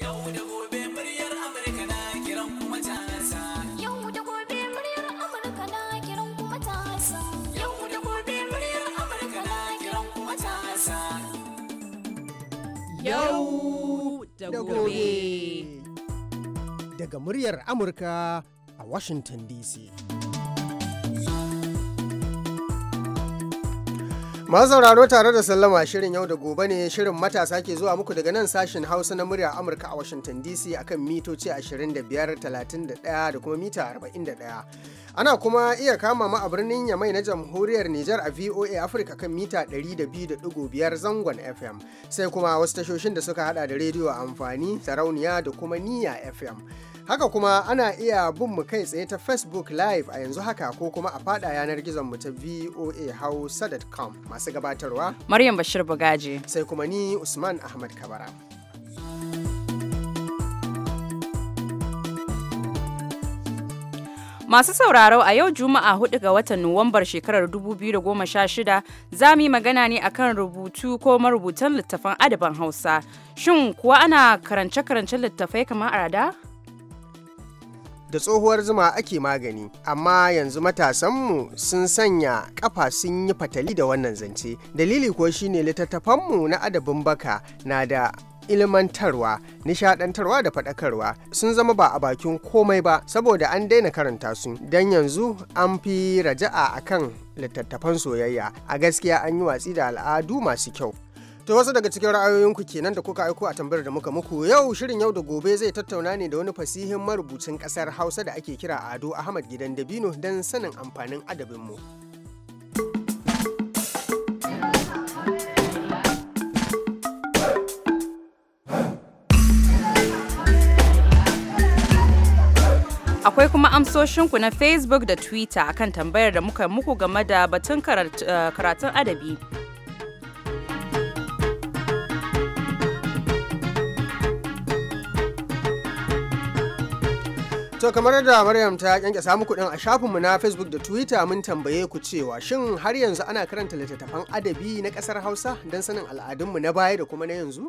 Yau da gobe muryar Amurka na kiran kuma tasa. Yau da gobe muryar Amurka na kiran kuma tasa. Yau da gobe muryar Amurka na kiran kuma tasa. Yau da gobe. Daga muryar Amurka a Washington DC. Mazauraro tare da sallama shirin yau da gobe ne shirin matasa ke zuwa muku daga nan sashin hausa na murya amurka a washington dc akan mitoci 25.31 da kuma mita 41 ana kuma iya kama ma a birnin yamai na jamhuriyar nijar a voa afirka kan mita 200.5 zangon fm sai kuma wasu tashoshin da suka hada da rediyo a amfani sarauniya da kuma niyya fm Haka kuma ana iya bin mu kai tsaye ta Facebook Live a yanzu haka ko kuma a fada yanar gizon mu ta VOA com masu gabatarwa. Maryam Bashir Bugaji. Sai kuma ni Usman Ahmad Kabara. Masu sauraro a yau Juma'a 4 ga watan Nuwambar shekarar 2016 za mu yi magana ne akan rubutu ko marubutan littafan adaban Hausa. Shin kuwa ana karance-karancen littafai kamar arada? da tsohuwar zuma ake magani amma yanzu matasanmu sun sanya kafa sun yi fatali da wannan zance dalili ko shine littattafanmu na adabin baka na da ilmantarwa nishadantarwa da faɗakarwa sun zama ba a bakin komai ba saboda an daina karanta su don yanzu an fi raja'a akan littattafan soyayya a gaskiya an yi watsi da al'adu masu kyau To wasu daga cikin ra'ayoyinku kenan da kuka aiko a tambayar da muka muku yau shirin yau da gobe zai tattauna ne da wani fasihin marubucin kasar Hausa da ake kira Ado Ahmad Gidan Dabino dan sanin amfanin adabin mu Akwai kuma amsoshinku na Facebook da Twitter akan tambayar da muka muku game da batun eh, karatun adabi. To kamar da Maryam ta yanke samu kuɗin a shafinmu na Facebook da Twitter mun tambaye ku cewa shin har yanzu ana karanta littattafan adabi na ƙasar Hausa don sanin al'adunmu na baya da kuma na yanzu?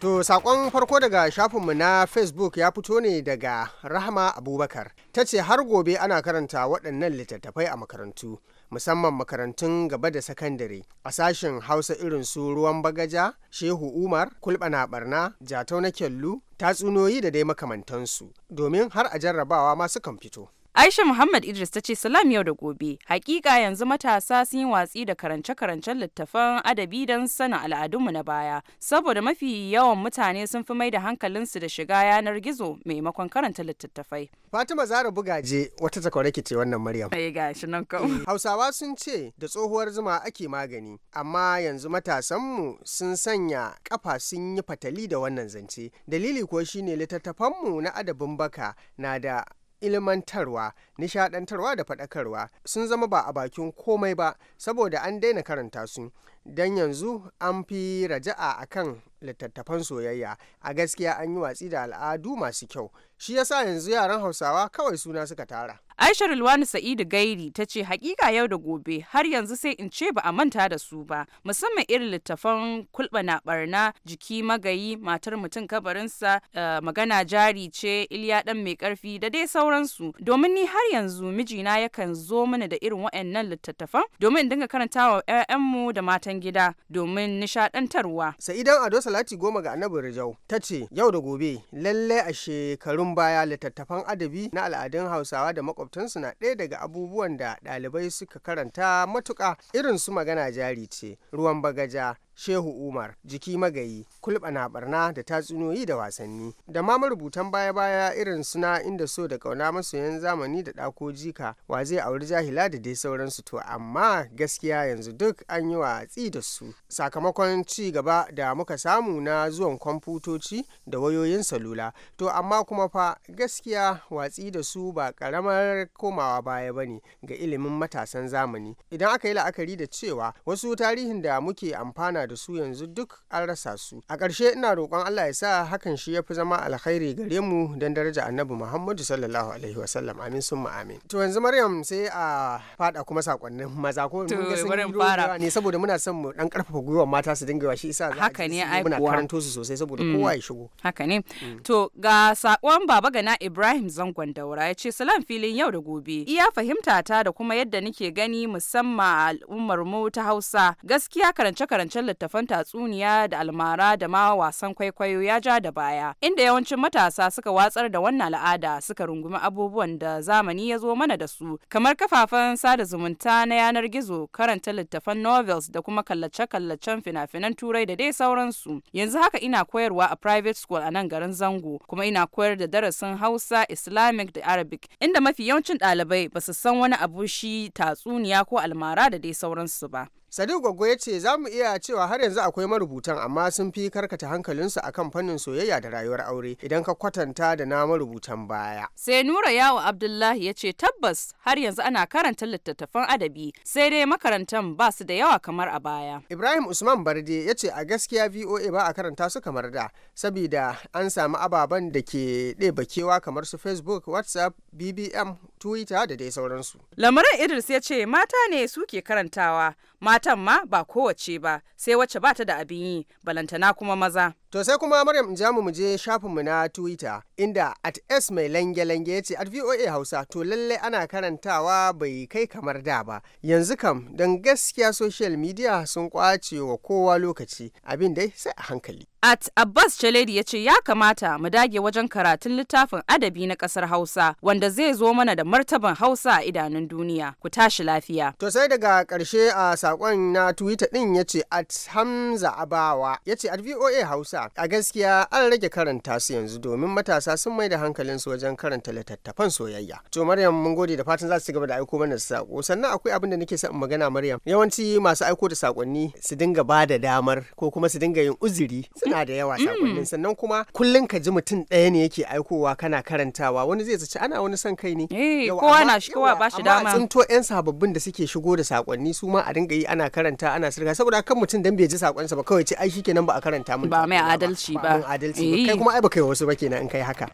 To sakon farko daga shafinmu na Facebook ya fito ne daga rahma Abubakar. Ta ce har gobe ana karanta waɗannan littattafai a makarantu. musamman makarantun gaba da sakandare a sashen hausa irin su ruwan bagaja shehu umar kulɓana barna jatau na kyallu tatsuniyoyi da dai makamantansu domin har a jarrabawa ma kan fito Aisha Muhammad Idris ta ce salam yau da gobe. Hakika yanzu matasa sun yi watsi da karance-karancen littafan adabi don sanin al'adunmu na baya. Saboda mafi yawan mutane sun fi mai da hankalinsu da shiga yanar gizo maimakon karanta littattafai. Fatima Zara Bugaje wata takwaraki ce wannan Maryam. Ai shi nan kawai. Mm. Hausawa sun ce da tsohuwar zuma ake magani, amma yanzu matasanmu sun sanya kafa sun yi fatali da wannan zance. Dalili kuwa shine littattafanmu na adabin baka na da ilmantarwa nishadantarwa da fadakarwa sun zama ba a bakin komai ba saboda an daina karanta su don yanzu an fi raja'a kan littattafan soyayya a gaskiya an yi watsi da al'adu masu kyau shi yasa yanzu yaran hausawa kawai suna suka tara Aisha Rulwani Sa'idu Gairi ta ce hakika yau da gobe har yanzu sai in ce ba a manta da su ba musamman irin littafan kulbana barna jiki magayi matar mutum kabarinsa eh, magana jari ce Iliya dan mai karfi da dai sauransu domin ni har yanzu mijina yakan zo mana da irin waɗannan littattafan domin in dinga karanta wa mu da matan gida domin nishadantarwa. Sa'idan Ado Salati goma ga Annabi Rijau ta ce yau da gobe lalle a shekarun baya littattafan adabi na al'adun Hausawa da makwab makwabtansu na ɗaya daga abubuwan da ɗalibai suka karanta matuƙa irin su magana jari ce ruwan bagaja shehu umar jiki magayi kulɓana barna da tatsuniyoyi da wasanni da ma marubutan baya-baya irin suna inda so da ƙauna masoyan zamani da ɗako jika wa zai auri jahila da dai sauransu to amma gaskiya yanzu duk an yi watsi da su sakamakon ci gaba da muka samu na zuwan kwamfutoci da wayoyin salula to amma kuma fa gaskiya watsi da su ba ƙaramar komawa baya ba ne ga ilimin matasan zamani idan aka yi la'akari da cewa wasu tarihin da muke amfana da su yanzu duk an rasa su a ƙarshe ina roƙon Allah ya sa hakan shi ya fi zama alkhairi gare mu don daraja annabi Muhammadu sallallahu alaihi wa sallam amin sun amin to yanzu Maryam sai a fada kuma sakonnin maza ko mun fara ne saboda muna son mu dan karfafa gwiwar mata su dinga shi isa haka ne ai muna karanto su sosai saboda mm. kowa ya shigo haka ne mm. to ga sakon baba gana Ibrahim Zangon Daura ya ce salam filin yau da gobe iya fahimta ta da kuma yadda nake gani musamman a al'ummar mu ta Hausa gaskiya karance-karancen littafan tatsuniya da almara da ma wasan kwaikwayo ya ja da baya inda yawancin matasa suka watsar da wannan al'ada suka rungumi abubuwan da zamani ya zo mana da su kamar kafafen sada zumunta na yanar gizo karanta littattafan novels da kuma kallace-kallacen fina-finan turai da dai sauransu yanzu haka ina koyarwa a private school a nan garin zango kuma ina koyar da darasin hausa islamic da arabic inda mafi yawancin ɗalibai ba su san wani abu shi tatsuniya ko almara da dai sauransu ba sadiq gwaggo ya ce za mu iya cewa har yanzu akwai marubutan amma sun fi karkata hankalinsu akan fannin soyayya da rayuwar aure idan ka kwatanta da na marubutan baya sai nura yawo abdullahi ya ce tabbas har yanzu ana karanta littattafan adabi sai dai makarantan ba su da yawa kamar a baya ibrahim usman barde ya ce a gaskiya voa ba a karanta su kamar da saboda an samu ababen da ke ɗebakewa kamar su facebook whatsapp bbm twitter da dai sauransu lamarin idris ya ce mata ne suke karantawa matan ma ba kowace ba sai wacce ba ta da abin yi balantana kuma maza to sai kuma maryam jamu mu je shafinmu na twitter inda at s mai lange-lange ya ce at voa hausa to lalle ana karantawa bai kai kamar da ba yanzu kam don gaskiya social media sun kwace wa kowa lokaci abin dai sai a hankali at abbas chaledi ya ce ya kamata mu dage wajen karatun littafin adabi na kasar hausa wanda zai zo mana da martaban hausa a idanun duniya ku tashi lafiya to sai daga karshe a sakon na twitter din ya ce at hamza abawa ya ce at voa hausa a gaskiya an rage karanta su yanzu domin matasa matasa sun mai da hankalinsu wajen karanta littattafan soyayya to maryam mun gode da fatan za su gaba da aiko mana sako sannan akwai abin da nake son magana maryam yawanci masu aiko da sakonni su dinga ba da damar ko kuma su dinga yin uzuri suna da yawa mm. sakonnin sannan kuma kullun ka ji mutum ɗaya ne yake aikowa kana karantawa wani zai zaci ana wani son kai ne eh, kowa na shi kowa ba shi dama yan sababbin da suke shigo da sakonni su ma a dinga yi ana karanta ana sirga saboda kan mutum dan bai ji sakonsa ba kawai ce ai shikenan ba a karanta mun ba mai adalci ba adalci kai eh. kuma ai ba kai wasu ba kenan in kai haka amurka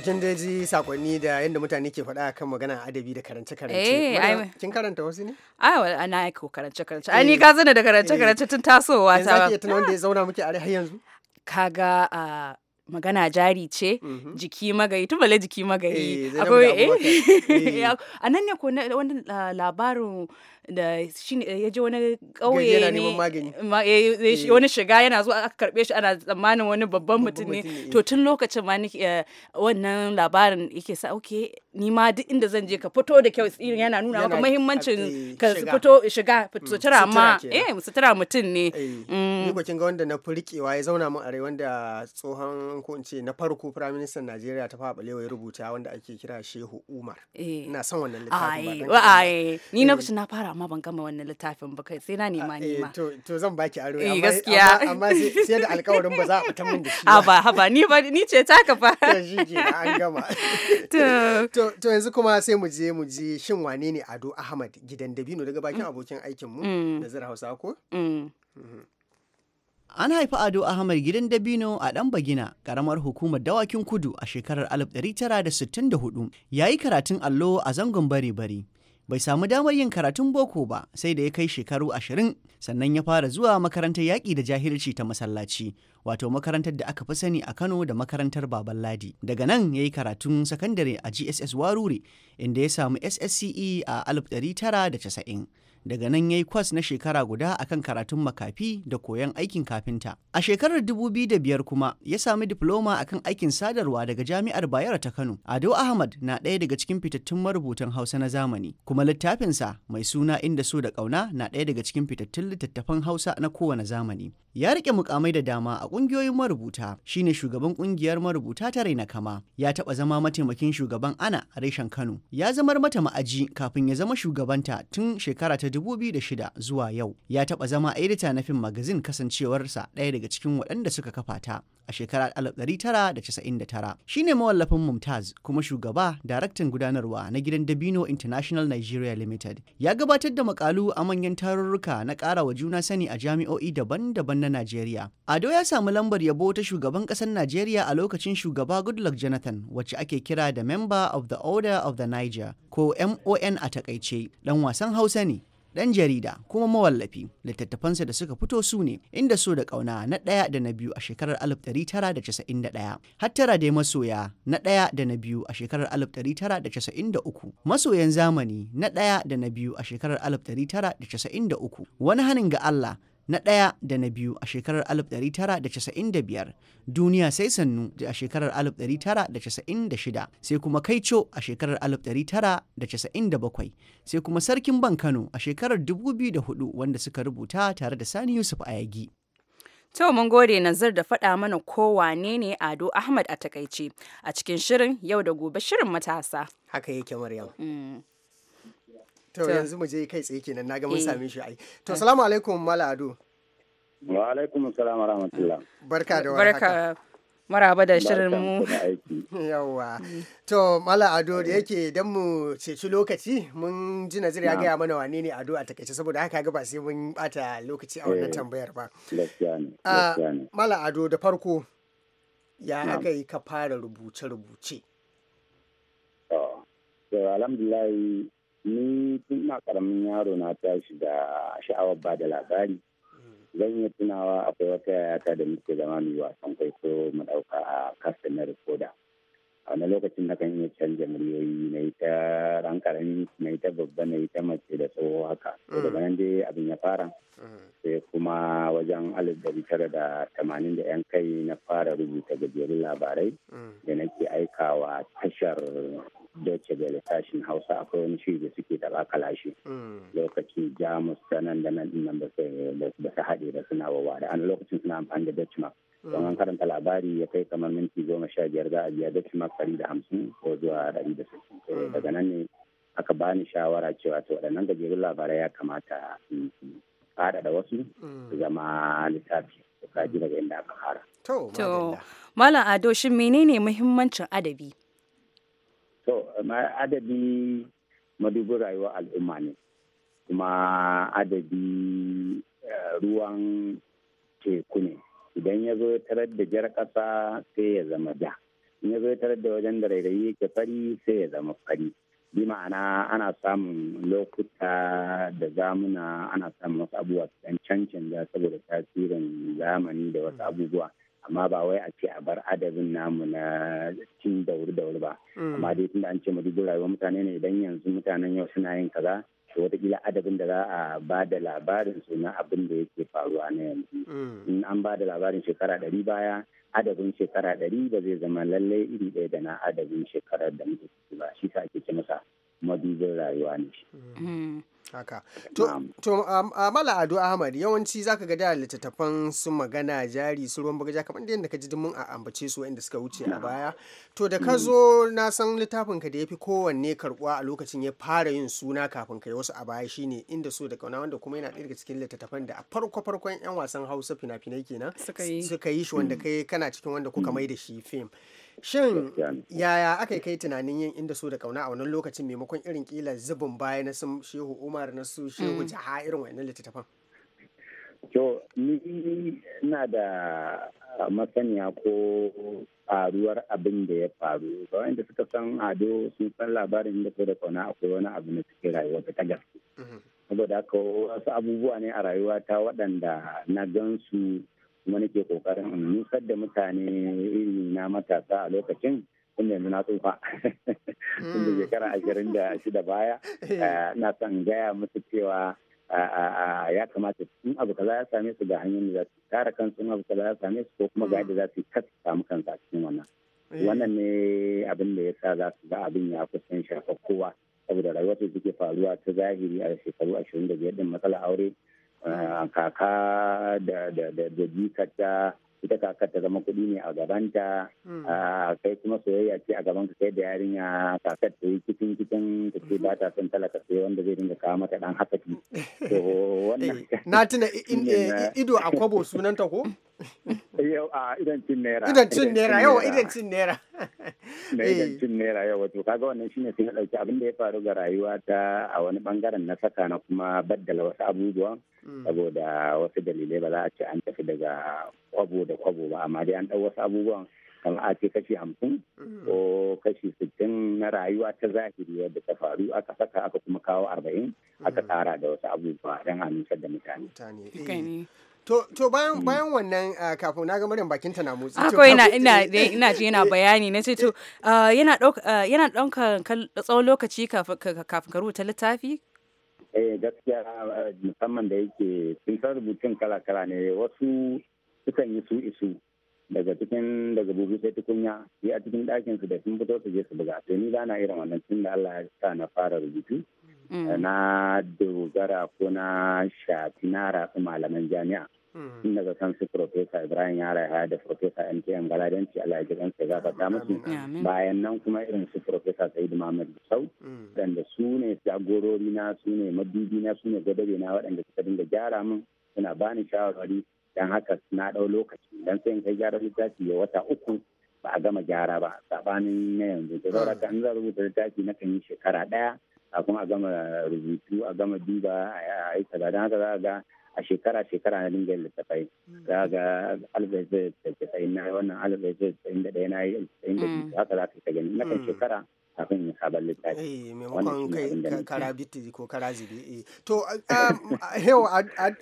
kin da ji sakonni da yadda mutane ke faɗa kan magana adabi da karance karance eh, kin karanta wasu ne Awa, ah, ana aiko karance karance ai ni ka zana da karance karance tun tasowa eh, ta yanzu ake tuna wanda ya zauna muke a har yanzu kaga a ah, magana jari ce mhm. jiki magayi tubale jiki magayi eh, akwai a nan ne ko wani ah, labarin da shi ne eh, ya je wani ƙauye ne eh, eh. wani shiga yana zuwa aka karbe shi ana tsammanin wani babban mutum ne to tun lokacin ma wannan labarin yake sa ok ni ma duk inda zan je ka fito da kyau yana nuna maka mahimmancin ka fito shiga mm, sutura ma eh sutura mutum ne mm. ni ko kin ga wanda na furkewa ya zauna mun arewa wanda tsohon ko in ce na farko prime minister Najeriya ta fara balewa ya rubuta wanda ake kira Shehu Umar ina son wannan littafin ba ni na kusa na fara amma ban gama wannan littafin ba sai na nema ah, ni eh, ma to zan baki aro eh, amma gaskiya amma sai da alƙawarin ba za a fita min da shi ha ba ni ba ni ce ta fa to shi an gama to to yanzu kuma sai mu je mu je shin wane ne Ado Ahmad gidan Dabino daga bakin mm. abokin aikin mu mm. Zira Hausa ko mm. mhm. An haifi Ado Ahmad gidan Dabino a ɗan Bagina, ƙaramar hukumar Dawakin Kudu a shekarar 1964, yayi karatun allo a zangon bare-bare. bai samu damar yin karatun boko ba sai da ya kai shekaru ashirin sannan ya fara zuwa makarantar yaƙi da jahilci ta masallaci wato makarantar da aka fi sani a kano da makarantar baban ladi daga nan ya yi karatun sakandare a gss warure inda ya samu ssce a 1990 daga nan ya yi kwas na shekara guda akan karatun makafi da koyon aikin kafinta. A shekarar 2005 kuma ya sami diploma akan aikin sadarwa daga Jami'ar Bayero ta Kano. Ado Ahmad na ɗaya daga cikin fitattun marubutan Hausa na zamani, kuma littafinsa mai suna Inda su da ƙauna na ɗaya daga cikin fitattun littattafan Hausa na kowane zamani. Ya rike mukamai da dama a ƙungiyoyin marubuta, shine shugaban ƙungiyar marubuta ta Raina Kama, ya taɓa zama mataimakin shugaban Ana a reshen Kano. Ya zamar mata ma'aji kafin ya zama shugabanta tun shekara ta 2006 zuwa yau ya taɓa zama edita na fim magazin kasancewarsa ɗaya daga cikin waɗanda suka kafa ta a shekarar 1999 ne mawallafin mumtaz kuma shugaba daraktan gudanarwa na gidan dabino international nigeria limited ya gabatar da makalu a manyan tarurruka na ƙara wa juna sani a jami'o'i daban-daban na najeriya ado ya samu lambar yabo ta shugaban ƙasar najeriya a lokacin shugaba goodluck jonathan wacce ake kira da member of the order of the niger ko mon a takaice dan wasan hausa ne ɗan jarida kuma mawallafi littattafansa da suka fito su ne inda so da ƙauna na ɗaya da na biyu a shekarar 1991 hattara dai masoya na ɗaya da na biyu a shekarar 1993 masoyan zamani na ɗaya da na biyu a shekarar 1993 wani hanin ga Allah na ɗaya da na biyu a shekarar 1995 duniya sai sannu a shekarar 1996 sai kuma kaico a shekarar 1997 sai kuma sarkin ban kano a shekarar 2004 wanda suka rubuta tare da sani yusuf ayagi To mun gode nazar da faɗa mana ko wane ne Ado Ahmad a takaice a cikin shirin yau da gobe shirin matasa. Haka yake Maryam. Mm. to yanzu mu je kai tsaye kenan na ga mun eh. same shi ai to eh. salamu alaikum mala ado wa alaikum salam rahmatullah barka da warhaka maraba da shirin mu yawa mm. to mala ado da eh. yake dan mu ceci lokaci mun ji nazir ya gaya mana wane ne ado a takaice saboda haka ga ba sai mun bata lokaci a wannan tambayar ba ah, mala ado da farko ya aka yi ka fara rubuce rubuce alhamdulillah ni ina karamin yaro na tashi da sha'awar ba da labari zan yi tunawa akwai wata yayata da muke zama mu wasan kwaikwayo mu ɗauka a kasta na rikoda a wani lokacin na kan yi canja muryoyi na yi ta ran karami na yi ta babba na yi ta mace da tsoho haka da daga nan dai abin ya fara sai kuma wajen alif dari tara da tamanin da yan kai na fara rubuta gajerun labarai mm. da nake aikawa tashar ce da sashin Hausa akwai wani shiri da suke da lashe. Mm. Lokacin Jamus ta nan da nan nan ba su haɗe da suna wawa da an lokacin suna amfani da Dutch mark. Mm. Don an karanta labari ya kai kamar minti goma sha biyar za a biya Dutch mark ɗari da hamsin ko zuwa ɗari da sittin. Eh, mm. Daga nan ne aka bani shawara cewa to waɗannan gajerun labarai ya kamata fada da wasu su zama littafi. Ka ji daga inda aka fara. To, Malam Ado, shin menene muhimmancin adabi? To, adadi madubin rayuwa al'umma ne, kuma adadi eh, ruwan teku ne. Idan ya zo tarar da jar ƙasa sai ya zama ja, in ya zo tarar da wajen da rairayi yake fari sai ya zama fari. Bi ma'ana ana samun lokuta da zamuna ana samun wasu abubuwa su dan saboda tasirin zamani da wasu abubuwa. amma ba wai a ce a bar adabin namu na cin dauri wuri ba mm. amma dai tunda an ce mu rayuwar mutane ne idan yanzu mutanen yau suna yin kaza to wataƙila adabin da za a ba da labarin su na abin da yake faruwa na yanzu mm. in an ba da labarin shekara ɗari baya adabin shekara ɗari ba zai zama lallai iri ɗaya da na adabin shekarar da muke ciki ba shi sa ake ce masa madubin rayuwa ne mm-hmm. haka to a um, uh, mala ado ahmad yawanci zaka ga da littattafan su magana jari su ruwan bagaja kamar da yadda ka ji mun a ambace su inda suka wuce a baya to da ka mm-hmm. zo na san littafin ka da ya fi kowanne karbuwa a lokacin ya fara yin suna kafin ka yi wasu a baya shine inda so da kauna wanda kuma yana ɗaya daga cikin littattafan da a farko farkon yan wasan hausa fina-finai kenan suka yi shi wanda mm. kai kana cikin wanda kuka mm. mai da shi fim Shin yaya aka kai tunanin yin inda so da kauna a wannan lokacin maimakon irin kila zubin baya na sun shehu Umar na su shehu mm. jaha irin wannan littattafan? To, ni na da masaniya ko faruwar abin da ya faru. ba da suka san ado sun san labarin da so da kauna akwai wani abu na cikin rayuwa ta gaske. Mm-hmm. Saboda haka wasu abubuwa ne a rayuwa ta waɗanda na gansu kuma nake kokarin in nusar da mutane iri na matasa a lokacin tun yanzu na tsufa tun da hmm. shekara ashirin da shida baya eh. eh, na son gaya musu cewa ya kamata sun abu kaza ya same su ga hanyar da za su tara kan sun abu kaza ya same su ko kuma ga yadda za su samu kansa a cikin wannan eh. wannan ne abin da ya sa za su ga abin ya kusan shafa kowa saboda rayuwar da suke faruwa ta zahiri a shekaru ashirin da biyar din matsala aure Eh, kaka da jikata da, da, da, da, da, da, ita kakar ta zama kuɗi ne a gabanta hmm. ah, kai kuma soyayya ce a gaban ka kai da yarinya kakar ta yi kicin kicin ta ce hmm. ba ta son talaka sai wanda zai dinga kawo mata dan hakaki to wannan eh, na tuna eh, ido a kwabo sunanta ko yau a idan cin naira idan cin naira yau idan cin naira na eh. idan cin naira yau wato kaga wannan shine sai dauki abin da ya faru ga rayuwa ta a wani bangaren na saka na kuma baddala wasu abubuwan hmm. saboda wasu dalilai ba za a ce an tafi daga kwabo da kwabo ba amma dai an ɗau wasu abubuwan kamar a ce kashi hamsin mm. ko kashi sittin na rayuwa ta zahiri wadda ta faru aka saka aka kuma kawo arba'in aka mm. tsara da wasu abubuwa don a nusar da mutane. Eh. To, to bayan mm. bayan wannan ah, kafin na ga Maryam bakin ta na motsi. Ako ina ina ina ji yana bayani na ce to ah, yana ah, yana dauka tsawon lokaci kafin ka rubuta littafi eh gaskiya musamman da yake sun san rubutun kala-kala ne wasu sukan yi su isu daga cikin daga bugu sai tukunya sai a cikin ɗakin su da sun fito su je su buga sai ni na irin wannan tun da Allah ya sa na fara rubutu mm. eh, na dogara ko na shafi na rafi malaman jami'a mm. tun daga san su Profesa Ibrahim Yara ya da Profesa MTM Galadanci Allah ya ji kansa ya fata musu bayan nan kuma irin su Profesa Sa'idu Muhammad Sau mm. waɗanda su ne jagorori na su ne madubi na su ne gwadabe na waɗanda suka dinga gyara min suna bani shawarwari dan haka na ɗau lokaci dan sai kai gyara littafi ya wata uku ba a gama gyara ba sabanin na yanzu da zaura kan zan rubuta littafi na kan yi shekara ɗaya kafin a gama rubutu a gama duba a yi ga don haka za ga a shekara shekara na dinga littafai za ga alfaisai da tsayin na wannan alfaisai da ɗaya na yi tsayin da haka za ka yi ta na kan hmm. shekara kafin yin sabon littafi. Eh, maimakon kai karabiti ko karazibi. Eh. To, um, yau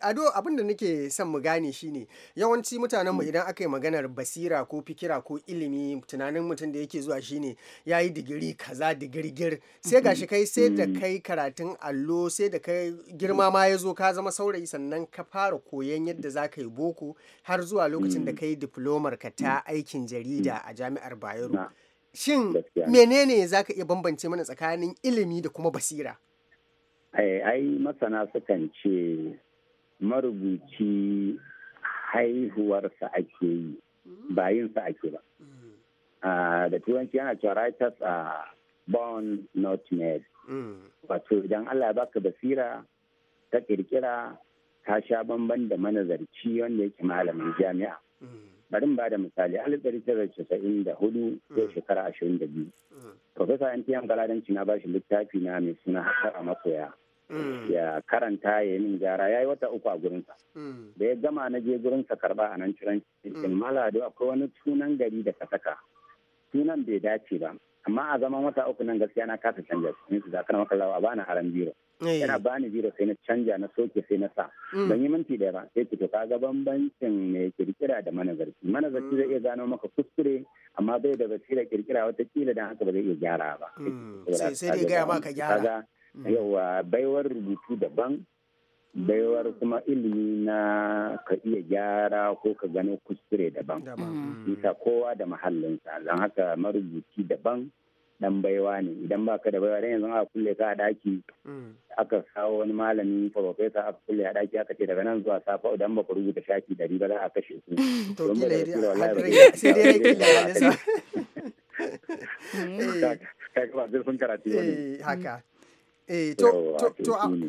ado abin da nake son mu gane shine yawanci mutanen mu mm. idan aka yi maganar basira ko fikira ko ilimi tunanin mutum da yake zuwa shine ya yi digiri kaza digirgir sai gashi mm-hmm. kai sai da mm. kai karatun allo sai da kai girma ma ya zo ka zama saurayi sannan ka fara koyon yadda za ka yi boko har zuwa lokacin da mm. yi diplomar ka ta aikin jarida a jami'ar Bayero. Shin menene za ka iya bambance mana tsakanin ilimi da kuma basira? Eh, ai, masana sukan ce marubuci haihuwarsa ake yi, hmm. ba yinsa ake ba. Hmm. Ah, da turanci yana cewa writers a born not made. Hmm. Wato idan Allah ya baka basira ta kirkira ta sha bamban da manazarci wanda yake malamin jami'a. bari ba da misali alif ɗari tara casa'in da hudu ko mm. shekara ashirin da biyu mm. profesa npm galadanci na shi littafi na mai suna hasar a makoya mm. ya karanta ya yi min gyara ya yi wata uku a gurinsa da ya gama na je gurinsa karba a nan ciran cikin malado akwai wani sunan gari da ka saka sunan bai dace ba amma a zaman wata uku nan gaskiya na kasa canja su Ni su zakar na lawa ba na haram biro Eh. yana bani biro sai na canja na soke sai na sa mm. ban yi minti daya ba sai kito kaga bambancin mai kirkira da manazarci manazarci zai iya gano maka kuskure amma bai da basira kirkira wata kila dan haka ba zai iya gyara ba mm. sai dai gaya maka gyara mm. yawa baiwar rubutu daban baiwar kuma ilimi na ka iya gyara ko ka gano kuskure daban. Bisa kowa da mahallinsa, don haka marubuci daban dan baiwa ne idan baka da baiwa dan yanzu aka kulle ka a daki mm. aka kawo wani malami professor aka kulle a daki aka ce daga nan zuwa safa idan baka rubuta shafi dari ba za a kashe ku to kila sai dai kila ba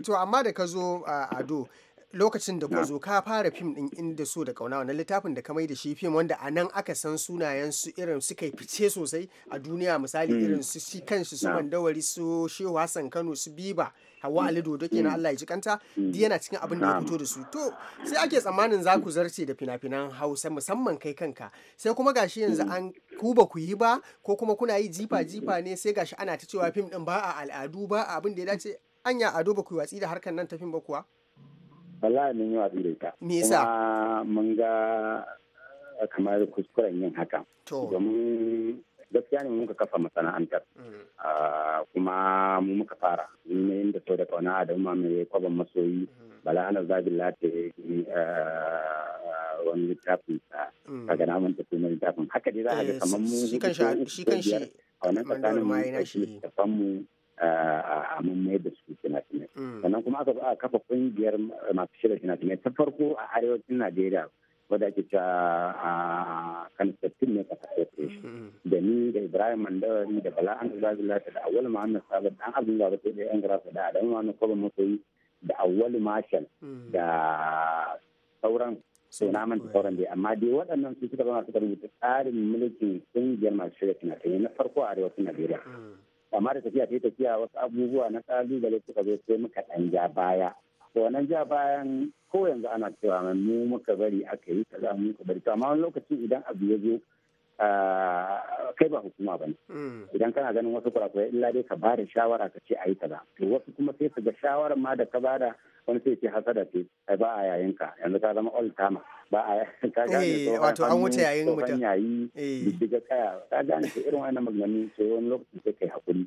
to amma da ka zo ah, ado lokacin da ku zo ka fara fim din inda so da kauna wannan littafin da ka mai shi fim wanda a nan aka san sunayen su irin kai fice sosai a duniya misali mm. irin su shi kanshi su mandawari su shehu hassan kano su biba hawa ali dodo mm. kenan allah ya ji kanta mm. di yana cikin abin da ya fito da su to sai ake tsammanin za ku zarce da fina-finan hausa musamman kai kanka sai kuma gashi yanzu an ku ba ku yi ba ko kuma kuna yi jifa-jifa ne sai gashi ana ta cewa fim din ba a al'adu ba a abin da ya dace anya ado ba ku watsi da harkar nan ta fim ba kuwa bala ne yau abin da ita Kuma mun ga eh, kamar kuskuren yin haka domin gaskiya ne muka kafa masana'antar mm. ah, kuma mu muka fara ne inda to da kauna da umma mai kwaban masoyi mm. bala ana zabi lati eh, wani littafin sa daga mm. mun tafi na littafin haka dai za a ga eh, kamar mu shi kan shi a wannan tsakanin mu shi shi. a mamayar da su fina mm. sannan kuma aka kafa kungiyar masu shirya fina ta farko a arewacin najeriya wadda ake ta a kan sattin ne kasa da ni da ibrahim mandawari da bala an ta da awal muhammad sabat dan abin da wato da yan garafa da adamu wani kwaba masoyi da awal mashal mm. da sauran suna man sauran dai amma dai waɗannan su suka zama suka rubuta tsarin mulkin kungiyar masu shirya fina na farko a arewacin najeriya mm. amma da tafiya ta tafiya wasu abubuwa na kalubale suka zo sai muka ɗan ja baya to wannan ja bayan ko yanzu ana cewa mu muka bari aka yi kaza mu muka bari to amma wani lokaci idan abu ya zo Ah, kai ba hukuma ba ne hmm. idan kana ganin wasu kurakurai illa dai ka ba da shawara ka ce a yi kaza to wasu kuma sai su ga shawarar ma da ka ba da wani sai ce hasada ce ai ba a yayin ka yanzu ka zama all time ba a ka gane eh, to wato an wuce yayin mutum yayi eh. diga kaya ka gane to irin wannan maganganu sai wani lokaci sai kai hakuri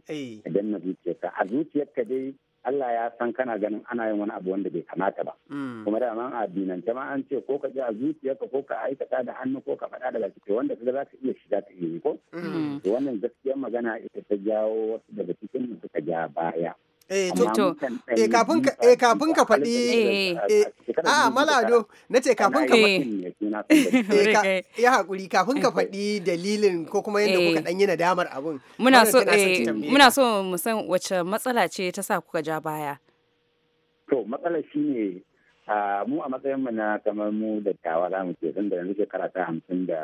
idan eh. na zuciyarka a zuciyarka dai Allah ya san kana ganin ana yin wani abu wanda bai kamata ba. Mm. Kuma da man a dinance ma an ce ko ka ji a zuciyarka ko ka aikata da hannu ko ka faɗa daga ciki wanda kaga za ka iya shiga ta yi ko. Mm. Wannan gaskiyar magana ita ta jawo wasu daga cikin suka ja baya. Eh, to, to eh, kafin ka, eh, kafin ka faɗi, eh, a malado, na ce kafin ka faɗi, eh, ya haƙuri, kafin ka faɗi dalilin ko kuma yadda kuka dan eh. yi nadamar abun. Muna so, eh, muna so mu san wace matsala ce ta sa kuka ja baya. To, matsala shi ne, mu a matsayin mu na kamar mu da tawa za mu ce, tun da nake karata 50 da,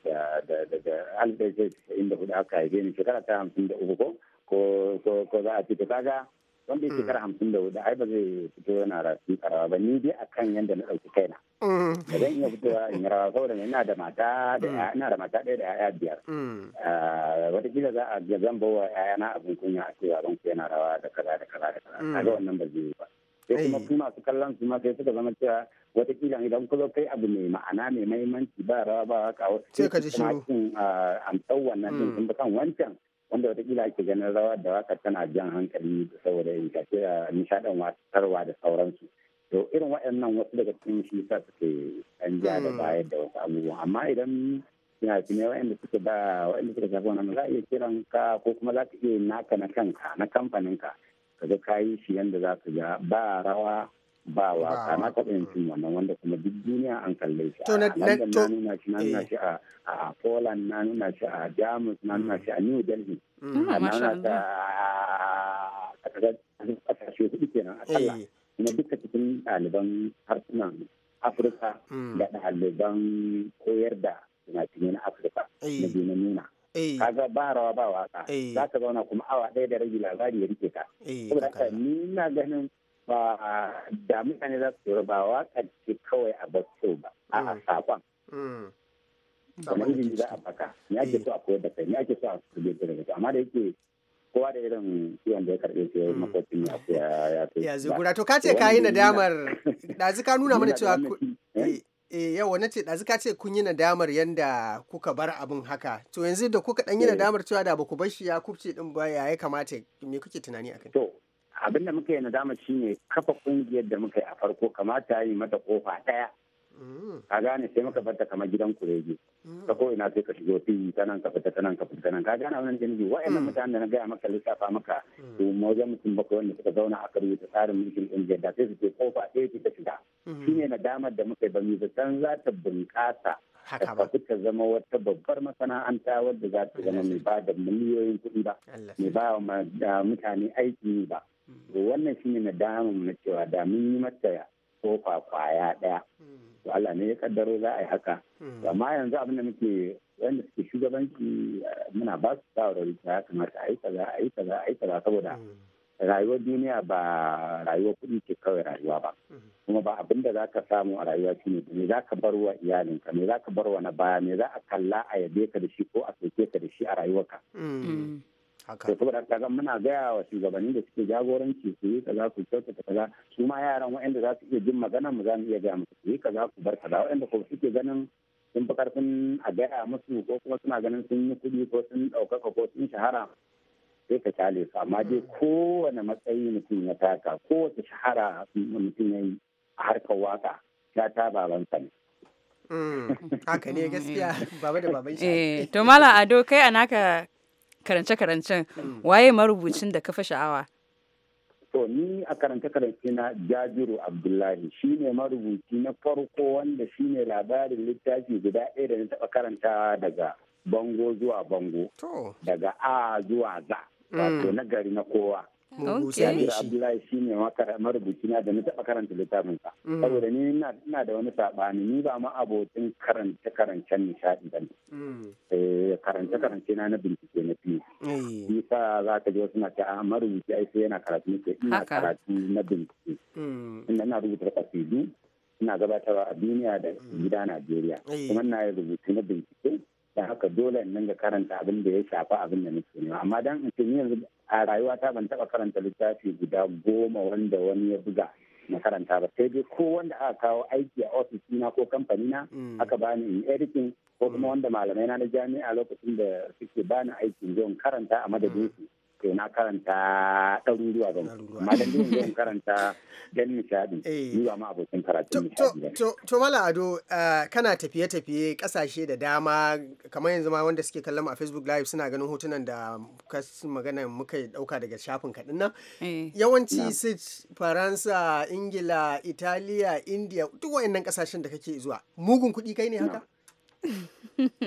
da, da, da, da, alif inda hudu aka yi ne shekara ta hamsin ko, ko, ko za a ce, kaga wanda ya shekara hamsin da hudu ai ba zai fito yana rasu rawa ba ni dai akan yadda na ɗauki kaina da zan iya fitowa in rawa saboda ina da mata da ina da mata ɗaya da ya'ya biyar mm. ah, wataƙila za a ga zan bawa ya'yana abin kunya a cewa ban yana rawa da kaza da kaza da kaza kaga wannan ba zai yi ba sai mm. kuma su masu kallon su ma sai suka zama cewa watakila idan ku zo kai abu mai ma'ana mai mahimmanci ba rawa ba kawo. sai ka ji shiru a ah, amsau wannan din sun mm. kan wancan wanda watakila ake ganin rawa da waka tana jan hankali saboda yin shafi a nishaɗin watarwa da sauransu to irin waɗannan wasu daga cikin shi sa suke an ja da hmm. baya da wasu abubuwa amma idan suna ne waɗanda suke ba waɗanda suke shafi wannan za a iya kiran ka ko kuma za ka iya naka na kanka na kamfanin ka ka ga ka yi shi yanda za su ga ba rawa ba wa kana ka yin wannan wanda kuma duk duniya an kalle shi a nan na shi na eh. shi a Poland na nuna shi a Jamus na nuna mm. shi a New Delhi mm. ah, na nuna shi a ƙasashe hudu kenan a kalla eh. kuma duka cikin ɗaliban harsunan Afirka mm. da ɗaliban koyar da fina na Afirka eh. na duniya nuna. kaga ba rawa ba waka za ka zauna kuma awa ɗaya da rage labari ya rike ka saboda ni na ganin ba da mutane za su ba waka ce kawai a basto ba a mm. sakon mm. kamar jini za a baka ya ke so a koyar da kai ya ke so a kuje da kai amma da yake kowa da irin kiwon da ya karbe yau mm. makocin ya ya ya zugura to ka ce ka yi nadamar dazu ka nuna mana cewa E yawa na ce ɗazu ka ce kun yi nadamar yadda kuka bar abin haka to yanzu da kuka ɗan yi eh. nadamar cewa da baku bar shi ya kubce ɗin ba ya kamata me kuke tunani akan to abin da muka yi shi ne kafa kungiyar da muka yi a farko kamata yi mata kofa ɗaya mm. a gane sai muka barta kamar gidan kurege mm. ta kowai na sai ka shigo fi ta nan ka fita ta nan ka fita ta nan ka gane wannan jinji wa'annan mm. mutanen da na gaya maka lissafa maka to wajen mutum bakwai wanda suka zauna a karu ta tsarin mulkin kungiyar da sai su ce kofa ɗaya ce ta shiga mm-hmm. shine nadamar da muka yi ba mu san za ta bunƙasa haka ba. ta zama wata babbar masana'anta wadda za ta zama mai ba da miliyoyin kuɗi ba, mai ba wa mutane aiki ba. to wannan shine na damun na cewa da mun yi mata kofa kwaya daya to Allah ne ya kaddaro za a yi haka hmm. amma yanzu abin da muke wanda suke shugabanci muna ba su shawarwari ta ya kamata a yi kaza a yi kaza saboda hmm. rayuwar duniya ba rayuwar kuɗi ce kawai rayuwa ba hmm. kuma ba abin da za ka samu a rayuwa shi ne me za ka bar wa iyalinka me za ka bar wa na baya me za a kalla a yabe ka da shi ko a soke ka da shi a rayuwarka kuma saboda kaga muna gaya wa shugabanni da suke jagoranci su yi kaza ku kyautata kaza su ma yaran waɗanda za su iya jin magana mu za mu iya gaya musu su yi kaza ku bar kaza waɗanda ko suke ganin sun fi karfin a gaya musu ko kuma suna ganin sun yi kuɗi ko sun ɗaukaka ko sun shahara sai ka kyale su amma dai mm. kowane matsayi mutum ya taka kowace shahara mutum ya yi a harkar waka ya ta babansa ne mm. haka ne gaskiya mm. baba da baban shi eh, to mala ado kai a naka karance-karancen hmm. waye marubucin da ka sha'awa to ni a karance-karance na jajiru abdullahi shine marubuci na farko wanda shine labarin littafi guda ɗaya da na taɓa karanta daga bango zuwa bango daga a zuwa za wato hmm. na gari na kowa Mugu Sani Abdullahi shi ne marubucina da na taɓa karanta littafinsa. Mm. Saboda ni ina da wani saɓani ni ba ma abokin karance-karancen nishaɗi ba ne. Mm. Eh, Karance-karance na na bincike na fi. Nisa eh. za ka ji wasu na ce a marubuci ai sai yana karatu nake ina karatu na bincike. Mm. Ina na rubuta kasidu ina gabatarwa a duniya da gida Najeriya. Eh. Kuma na rubutu na bincike da haka dole in dinga karanta abin da ya shafa abin da nake nema amma dan in ce ni yanzu a rayuwata ban taɓa karanta littafi guda goma wanda wani ya buga na karanta ba sai dai ko wanda aka kawo aiki a ofishi na ko kamfani na mm. aka bani in editin ko kuma mm. wanda malamai na na jami'a lokacin da suke bani aikin zon karanta a madadin su to na karanta ɗaruruwa ba amma dan duk zan karanta dan misali eh. ni ba ma abokin karatu nishadi to to mala ado eh, kana tafiye tafiye kasashe da dama kamar yanzu ma wanda suke kallon a Facebook live suna ganin hotunan da magana muka dauka daga shafin ka dinnan eh. yawanci sit Faransa Ingila Italiya India duk wayannan kasashen da kake zuwa mugun kuɗi kai ne haka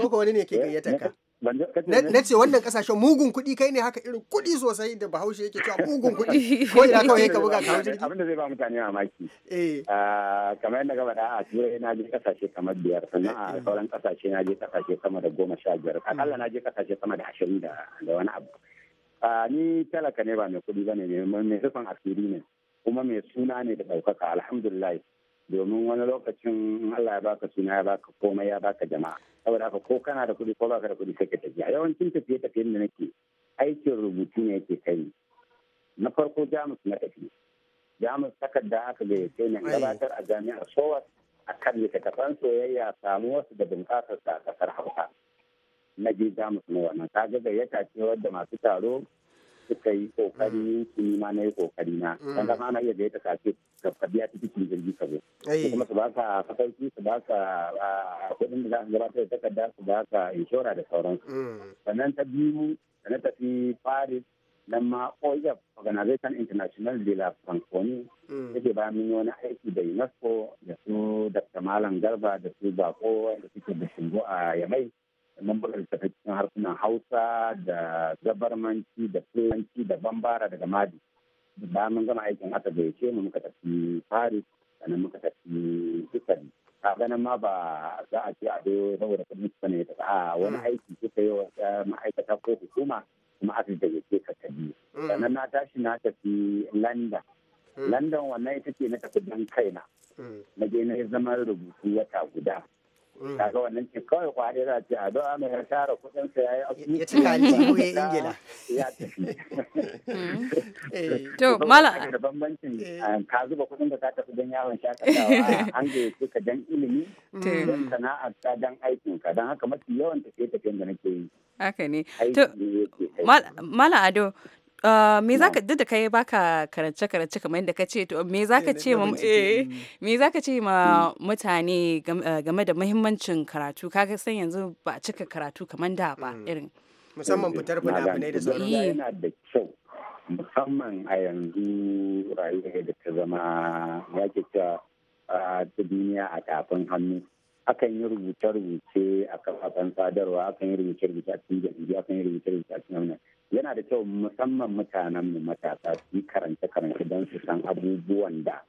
ko wani ne ke gayyata ka na ce wannan kasashen mugun kuɗi kai ne haka irin kuɗi sosai da bahaushe yake cewa mugun kuɗi ko ina kawai ka buga ka jirgi abinda zai ba mutane mamaki eh. ah, kamar yadda gaba da a turai na je kasashe kamar biyar sannan a eh. sauran kasashe na je kasashe sama da goma sha biyar hmm. akalla na je kasashe sama da ashirin da wani abu ah, ni talaka ne ba mai kuɗi ba ne mai rufin asiri ne kuma mai suna ne da ɗaukaka alhamdulillah domin wani lokacin Allah ya baka suna ya baka komai ya baka jama'a saboda haka ko kana da kuɗi ko baka da kuɗi sai ka tafiya yawancin tafiye tafiyen da nake aikin rubutu ne yake kai na farko jamus na tafi jamus takarda haka da sai na gabatar a jami'ar sowas a kan littattafan soyayya samu wasu da bunƙasar sa a ƙasar hausa na je jamus na wannan kaga gayyata ce wadda masu taro suka yi kokari su mm. ma na yi kokari na dan mm. kama ana iya gaita ka ce ka biya tikitin jirgi ka zo kuma su baka fakauki su baka kudin da za su gabatar da takarda su baka inshora da sauransu mm. sannan ta biyu da na tafi paris nan ma OIF Organization International de la Francophonie take ba min wani aiki da UNESCO da su Dr. Malam Garba da su Bako da suke da shingo a Yamai mamburin ta cikin harsunan hausa da gabarmanci da fulanci da bambara daga madi da mun gama aikin aka ce mu muka tafi paris sannan muka tafi italy a ganin ma ba za a ce a zo saboda kudin su ne ta a wani mm. aiki suka yi wa eh, ma'aikata ko hukuma kuma aka ce ka tafi mm. sannan na tashi na tafi london mm. london wannan ita ce na tafi don kaina na je na zama rubutu wata guda Mm. kaga wannan ce kawai kwari za ce a do'a mai ya tara kudin sa yayi abu ya cika aljihu ya ingila ya tafi eh. to mala da bambancin eh. Eh, ka zuba kudin da ka tafi don yawon shakatawa an ga yake ka dan ilimi dan sana'a ta dan aikin ka dan haka mafi yawan tafiye tafiyen da nake yi haka ne to mala ado Uh, me zaka duk da kai baka karance karance kamar yadda ka ce to me zaka eh, ce ma eh, me zaka ce ma hmm. mutane eh, game da muhimmancin karatu kaga san yanzu ba cika karatu kamar da ba hmm. irin musamman fitar fina-finai da sauran yana da kyau musamman a yanzu rayuwa da ta zama ya ah, ta duniya a tafin hannu akan yi rubuce-rubuce a kafafen sadarwa akan yi rubuce-rubuce a cikin jaridu akan yi rubuce-rubuce a cikin yana da kyau musamman mutanen mu matasa su yi karance-karance don su san abubuwan da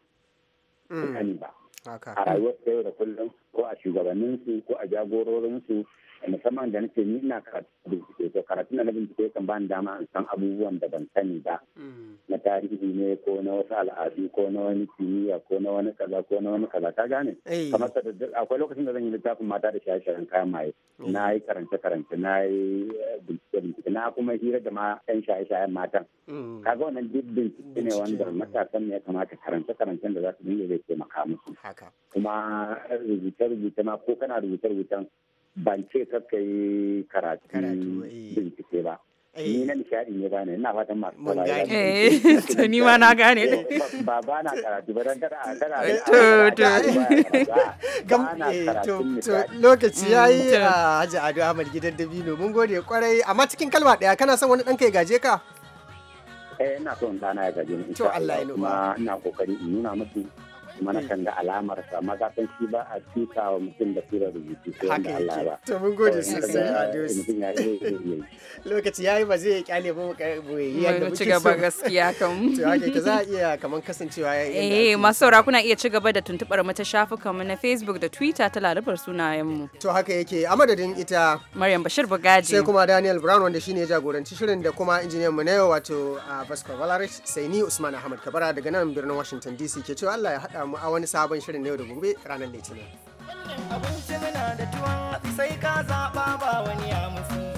su mm. sani ba a rayuwar yau da kullum ko a shugabanninsu ko a jagororinsu musamman da nake ni ina karatu bincike to karatun da na bincike kan bani dama in san abubuwan da ban sani ba hmm. na tarihi ne ko na wasu al'adu ko na wani kimiyya ko na wani kaza ko na wani kaza ka gane eh. kamar sa da akwai lokacin da zan yi littafin mata da shaye-shayen kayan maye hmm. na yi karance-karance na yi eh, bincike-bincike na kuma hira da ma yan shaye-shayen matan hmm. kaga wannan duk bincike ne wanda matasan ne ya kamata karance-karancen da za su dinga zai taimaka musu kuma eh, rubuce-rubuce ma ko kana rubuce-rubucen ban ce kakka yi karatu eh. bincike ba eh. ni na nishadi ne bane ina fatan masu kwalaya. ya eh to ni ma na gane eh, ba ba na karatu ba dan tara tara to to gam mm, to to lokaci yayi a Haji Ado Ahmad gidan Dabino mun gode kwarai amma cikin kalma daya kana son wani dan kai gaje ka eh ina son dana ya gaje ni to Allah ya nuna ina kokari in nuna musu mana kan da alamar sa maza kan shi ba a tuka wa mutum da tura rubutu sai wanda Allah ba to mun gode sosai a dosi. lokaci yayi ba zai kyale ba mu karboye yadda muke ci gaba gaskiya kan. to haka ke za a iya kaman kasancewa eh masu saura kuna iya ci gaba da tuntubar mu ta shafukan mu na Facebook da Twitter ta larabar sunayen mu to haka yake a madadin ita Maryam Bashir Bugaji sai kuma Daniel Brown wanda shine jagoranci shirin da kuma injiniyan mu na yau wato Pascal Valaris sai ni Usman Ahmad Kabara daga nan birnin Washington DC ke cewa Allah ya hada samu a wani sabon shirin yau da gobe ranar litinin. Abincin abinci muna da tuwon sai ka zaɓa ba wani ya musu.